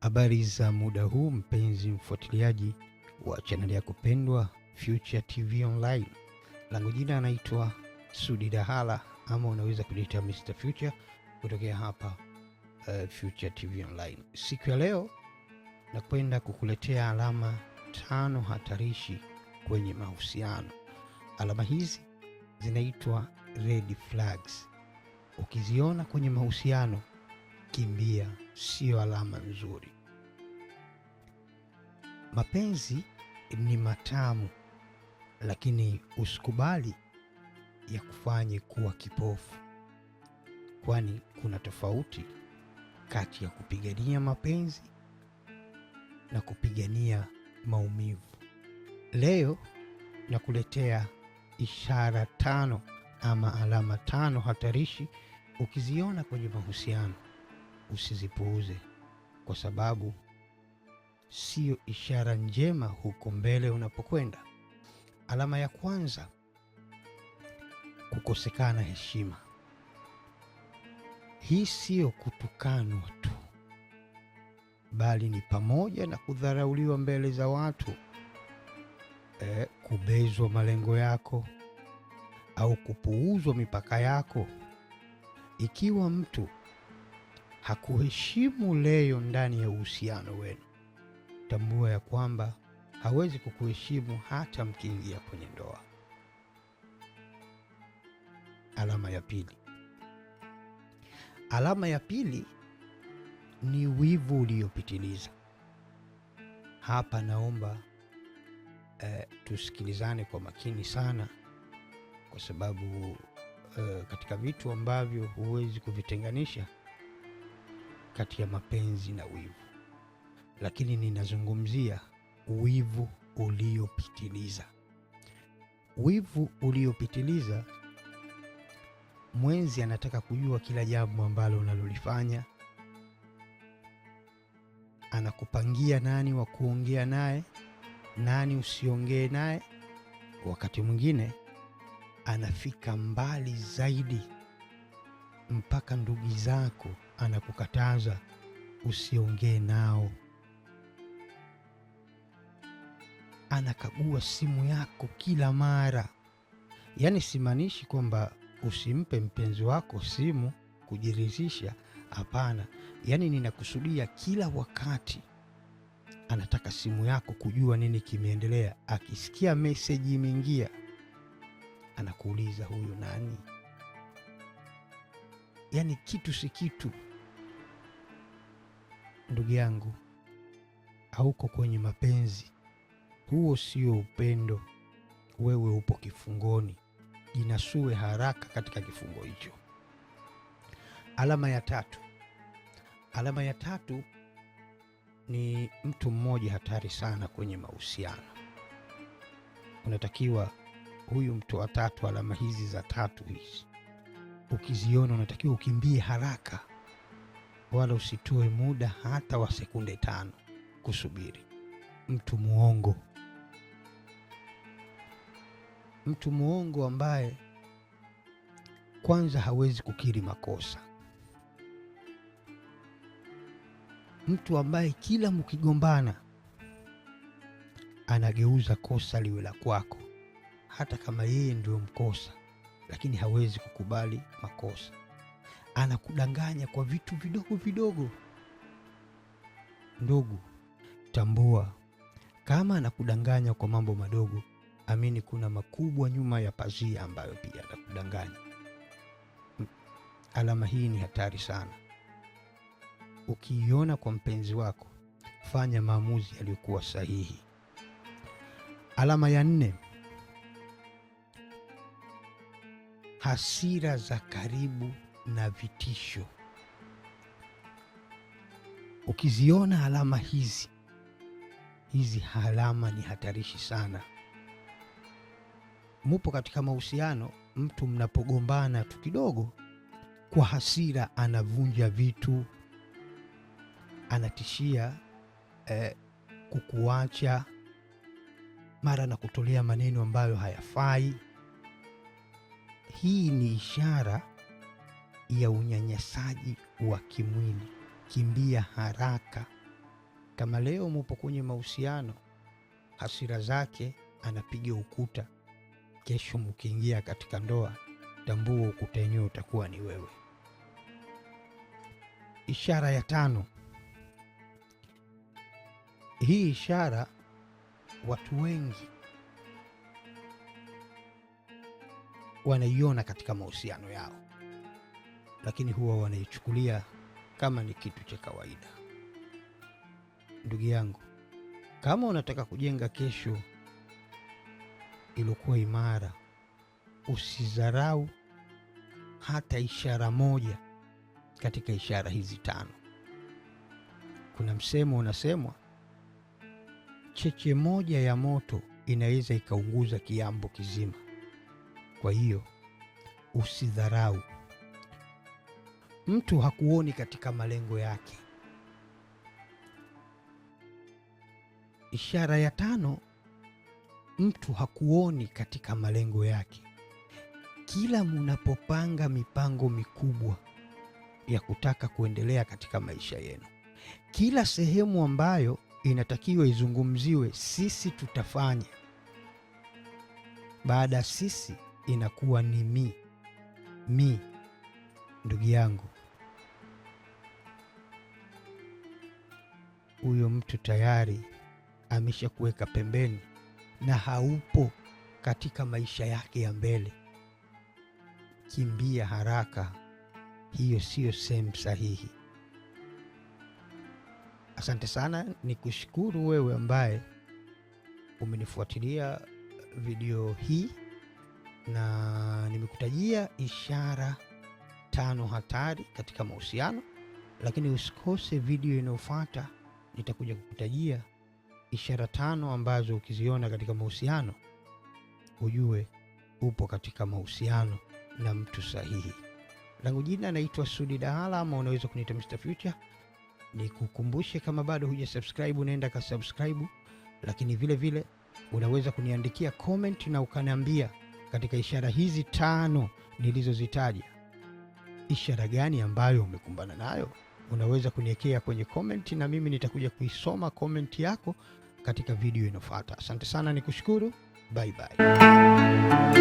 Habari za muda huu, mpenzi mfuatiliaji wa chaneli ya kupendwa Future TV Online, langu jina anaitwa Sudi Dahala ama unaweza kuniita Mr Future kutokea hapa uh, Future TV Online. Siku ya leo nakwenda kukuletea alama tano hatarishi kwenye mahusiano. Alama hizi zinaitwa red flags. Ukiziona kwenye mahusiano, kimbia, siyo alama nzuri. Mapenzi ni matamu, lakini usikubali ya kufanye kuwa kipofu, kwani kuna tofauti kati ya kupigania mapenzi na kupigania maumivu. Leo nakuletea ishara tano ama alama tano hatarishi. Ukiziona kwenye mahusiano usizipuuze, kwa sababu sio ishara njema huko mbele unapokwenda. Alama ya kwanza, kukosekana heshima. Hii sio kutukanwa tu, bali ni pamoja na kudharauliwa mbele za watu eh, kubezwa malengo yako au kupuuzwa mipaka yako. Ikiwa mtu hakuheshimu leo ndani ya uhusiano wenu, tambua ya kwamba hawezi kukuheshimu hata mkiingia kwenye ndoa. Alama ya pili, alama ya pili ni wivu uliopitiliza. Hapa naomba eh, tusikilizane kwa makini sana, kwa sababu eh, katika vitu ambavyo huwezi kuvitenganisha kati ya mapenzi na wivu, lakini ninazungumzia wivu uliopitiliza. Wivu uliopitiliza, mwenzi anataka kujua kila jambo ambalo unalolifanya, anakupangia nani wa kuongea naye nani usiongee naye, wakati mwingine anafika mbali zaidi mpaka ndugu zako anakukataza usiongee nao, anakagua simu yako kila mara. Yaani simaanishi kwamba usimpe mpenzi wako simu kujiridhisha, hapana. Yaani ninakusudia kila wakati anataka simu yako kujua nini kimeendelea. Akisikia meseji imeingia, anakuuliza huyu nani? Yaani kitu si kitu, ndugu yangu, hauko kwenye mapenzi, huo sio upendo. Wewe upo kifungoni, jinasue haraka katika kifungo hicho. Alama ya tatu, alama ya tatu ni mtu mmoja hatari sana kwenye mahusiano. Unatakiwa huyu mtu wa tatu, alama hizi za tatu hizi ukiziona, unatakiwa ukimbie haraka, wala usitoe muda hata wa sekunde tano kusubiri. Mtu muongo, mtu muongo ambaye kwanza hawezi kukiri makosa mtu ambaye kila mkigombana anageuza kosa liwe la kwako, hata kama yeye ndio mkosa, lakini hawezi kukubali makosa. Anakudanganya kwa vitu vidogo vidogo. Ndugu, tambua kama anakudanganya kwa mambo madogo, amini kuna makubwa nyuma ya pazia ambayo pia anakudanganya. Alama hii ni hatari sana ukiiona kwa mpenzi wako, fanya maamuzi yaliyokuwa sahihi. Alama ya nne, hasira za karibu na vitisho. Ukiziona alama hizi, hizi alama ni hatarishi sana. Mupo katika mahusiano, mtu mnapogombana tu kidogo, kwa hasira anavunja vitu anatishia eh, kukuacha mara na kutolea maneno ambayo hayafai. Hii ni ishara ya unyanyasaji wa kimwili. Kimbia haraka. Kama leo mupo kwenye mahusiano, hasira zake anapiga ukuta, kesho mkiingia katika ndoa, tambua ukuta wenyewe utakuwa ni wewe. Ishara ya tano hii ishara watu wengi wanaiona katika mahusiano yao, lakini huwa wanaichukulia kama ni kitu cha kawaida. Ndugu yangu, kama unataka kujenga kesho iliyokuwa imara, usidharau hata ishara moja katika ishara hizi tano. Kuna msemo unasemwa cheche moja ya moto inaweza ikaunguza kiambo kizima. Kwa hiyo usidharau mtu, hakuoni katika malengo yake. Ishara ya tano, mtu hakuoni katika malengo yake. Kila munapopanga mipango mikubwa ya kutaka kuendelea katika maisha yenu, kila sehemu ambayo inatakiwa izungumziwe, sisi tutafanya. Baada sisi inakuwa ni mi mi. Ndugu yangu, huyo mtu tayari ameshakuweka pembeni na haupo katika maisha yake ya mbele. Kimbia haraka, hiyo siyo sehemu sahihi. Asante sana, ni kushukuru wewe ambaye umenifuatilia video hii na nimekutajia ishara tano hatari katika mahusiano, lakini usikose video inayofuata. Nitakuja kukutajia ishara tano ambazo ukiziona katika mahusiano ujue upo katika mahusiano na mtu sahihi. Langu jina naitwa Sudi Dahala, ama unaweza kuniita Mr Future nikukumbushe kama bado huja subscribe, unaenda ka subscribe, lakini vile vile unaweza kuniandikia comment na ukaniambia katika ishara hizi tano nilizozitaja, ishara gani ambayo umekumbana nayo? Unaweza kuniwekea kwenye comment, na mimi nitakuja kuisoma comment yako katika video inayofuata. Asante sana, nikushukuru. Bye bye.